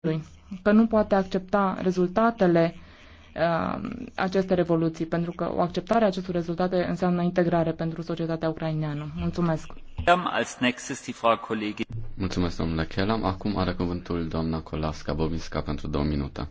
lui, că nu poate accepta rezultatele uh, aceste revoluții, pentru că o acceptare a acestor rezultate înseamnă integrare pentru societatea ucraineană. Mulțumesc! Mulțumesc, domnule Chelam. Acum are cuvântul doamna Colasca Bobinska pentru două minute.